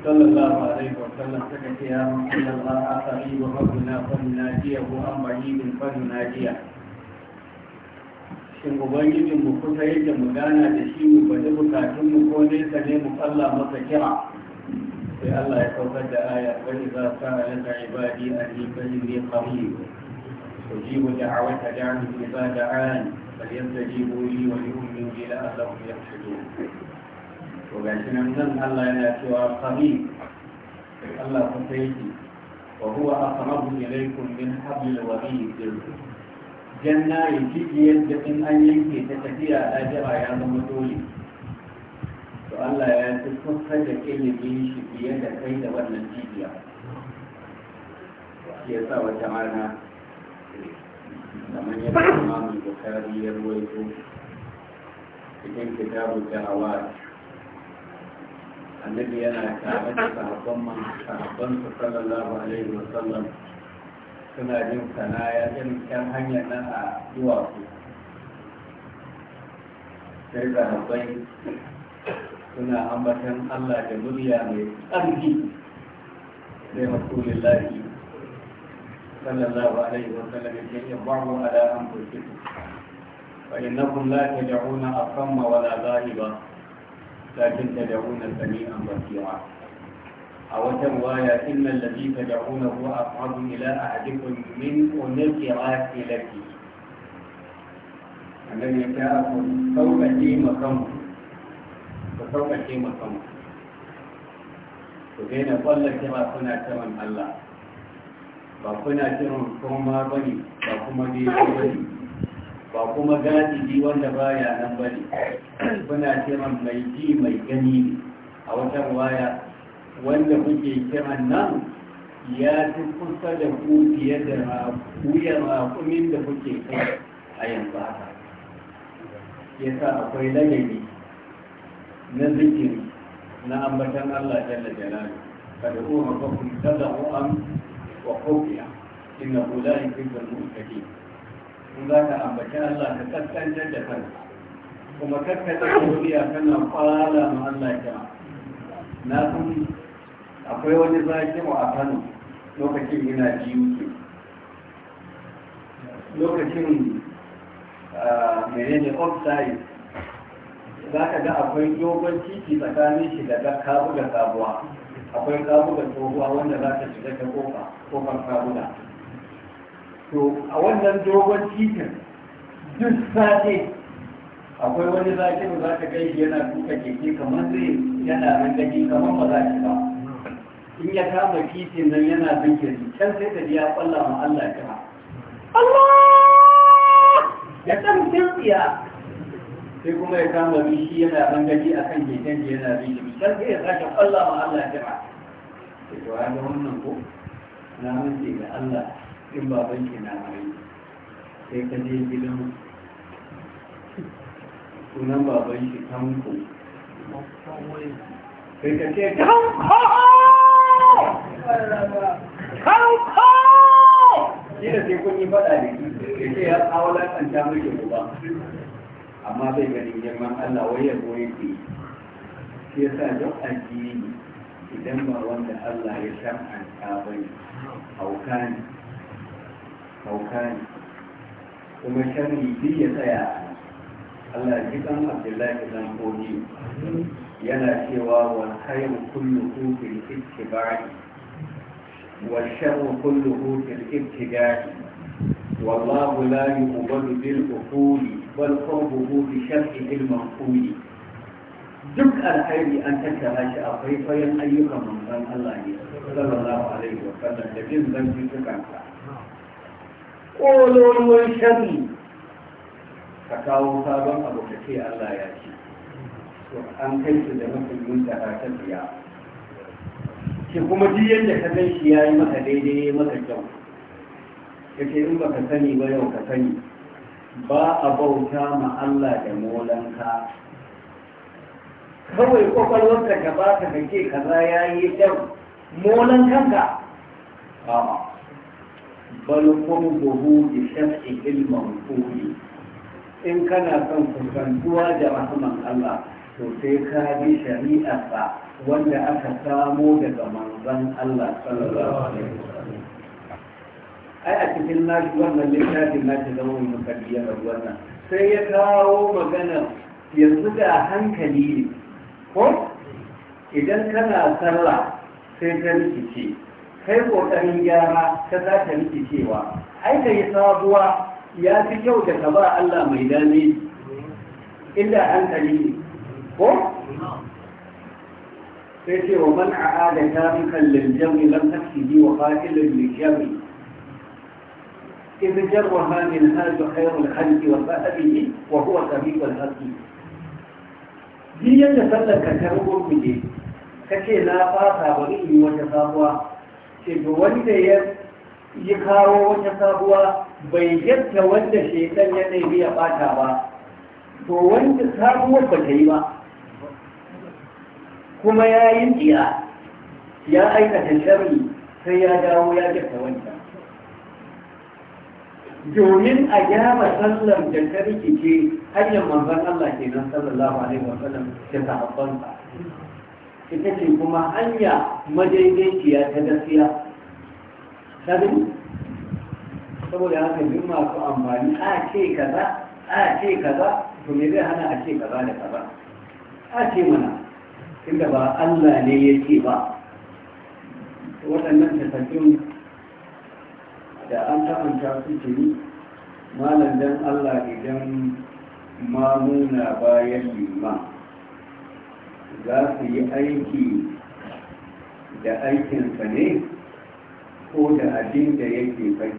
sallallahu alaihi wa sallam suka ce ya mutum Allah asali wa faduna na jiya ko an bayi bin na jiya shin ubangijin mu kusa yake mu gana da shi mu bada bukatun mu ko nesa ne mu kalla masa kira sai Allah ya saukar da aya wani za ta alaka ibadi a ni bani ne kawai da da'awata da'an idza ji falyastajibu yi wa yu'minu bi la'allahum yarshudun to shi nan nan Allah yana cewa kawai Allah kusa yake wa huwa aqrabu ilaykum min hablil warid janna yi jijiyar da in an yanke ta tafiya a jira ya zama dole to Allah ya fi kusa da ilimi shi fiye da kai da wannan jijiya shi ya sa wata da manyan yadda da bukari ya ruwaito cikin kitabu jahawa annabi yana tare da sahabban sahabban sallallahu alaihi wasallam suna jin sanaya yan hanyar nan a zuwa su sai da zahabai suna ambatan allah da murya mai tsarki sai rasulullahi sallallahu alaihi wasallam ya ce yabahu ala anfusikum fa innakum la tad'una asamma wala zahiba lakin tad'una sami'an basira a wata ruwaya innan lafi ka da'una ko a faru ila a hadikun min ƙunar kira ke lafi annan ya ta aku sauƙaƙe makamu ku sauƙaƙe makamu ku daina kwallon kira kuna kiran Allah ba kuna kiran kuma ba ne ba kuma daidai ba ne ba kuma gadi wanda baya nan ba ne kuna kiran mai ji mai gani ne a wata ruwaya wanda kuke kiran nan ya fi kusa da ku fiye da wuyan rakumin da kuke kai a yanzu haka yasa akwai lagari na zikiri na ambatan Allah jalla jalali kada ku haka kun tada am wa kofiya inna ku la yuhibbu al-muttaqin kun za ka ambaci Allah ka kaskantar da kanka kuma kakkata kofiya kana kwala ma Allah ta na kun akwai wani zakimu a kano lokacin yana ke, lokacin ah, ne offside za ka ga akwai dogon titi tsakanin shi da kabuga sabuwa akwai kabuga tsohuwa wanda za ka shiga ta kofa kofar kabuga to a wannan dogon titin duk sati akwai wani zakiru za ka shi yana tuka keke kamar zai yana rangaji kamar ba za ki ba in ya kama kitin nan yana zikin, can sai ta biya kwalla ma Allah kama. Allah ya san kirtiya sai kuma ya kama bishi yana bangaji a kan keken da yana bishi can sai ya sake kwalla ma Allah kira sai to ya ga wannan ko na mace ga Allah in ba banki na mai sai ka je gidan sunan baban shi tanko sai ka ce tanko kanko shi da sai kun yi faɗa da shi da ke ya tsawo lakanta mulkin ba amma bai ganin girman Allah wai ya goyi ke shi yasa duk addini idan ba wanda Allah ya shar'anta ba ne hauka ne hauka ne kuma sharri duk ya tsaya Allah ji kan Abdullahi dan Kodi yana cewa wal khayru kulluhu fil ittiba'i والشر كله في الابتداء والله لا يقبل بالأصول بل قربه بشرعه المنقول duk alkhairi an tattara shi a faifayen ayyukan manzon Allah ne sallallahu alaihi wa sallam da bin zanci tukanka kololuwan shari ka kawo sabon abu ka ce Allah ya ce an kai su da mafi ta shi kuma duk yadda ka gan shi ya yi maka daidai maka kyau ka ce in baka sani ba yau ka sani ba a bauta ma Allah da molanka kawai kwakwalwarka ka ba ka kake kaza ya yi kyau molan kanka a bal qurbuhu da shaf'i ilmin kuli in kana son kusantuwa da rahman Allah to sai ka bi shari'arsa wanda aka samo daga manzon Allah sallallahu alaihi wasallam ai a cikin nashi wannan littafin nashi zama mai mukaddiyar wannan sai ya kawo magana yanzu da hankali ne ko idan kana sallah sai ka rikice kai kokarin gyara ka za ta rikicewa ai ka yi sabuwa ya fi kyau da ka ba Allah mai dame inda hankali ne ko sai ce wa man a'ada tarikan liljami lam tafsidi wa qatilul lijami إذ جرها من هذا خير الخلق وفأبه وهو سبيب الهدي jiyan da sallar ka ta rugun muje kake na fata bari in wata sabuwa ce ga wanda ya yi kawo wata sabuwa bai yadda wanda shaitan ya ɗaiɗi ya ɓata ba to wanda sabuwar ba ta yi ba kuma ya yi biya ya aikata sharri sai ya dawo ya gyara wancan domin a gyara sallar da ta rikice hanyar manzan Allah ke nan sallallahu alaihi wa sallam da sahabbansa ita ce kuma hanya madaidaiciya ta gaskiya sabin saboda haka duk masu amfani a ce kaza a ce kaza to me zai hana a ce kaza da kaza a ce mana inda ba Allah ne ya ce ba waɗannan tafakin da an ta'anta su ni malam dan Allah idan mamuna bayan ma, za su yi aiki da aikinsa ne ko da abin da yake bai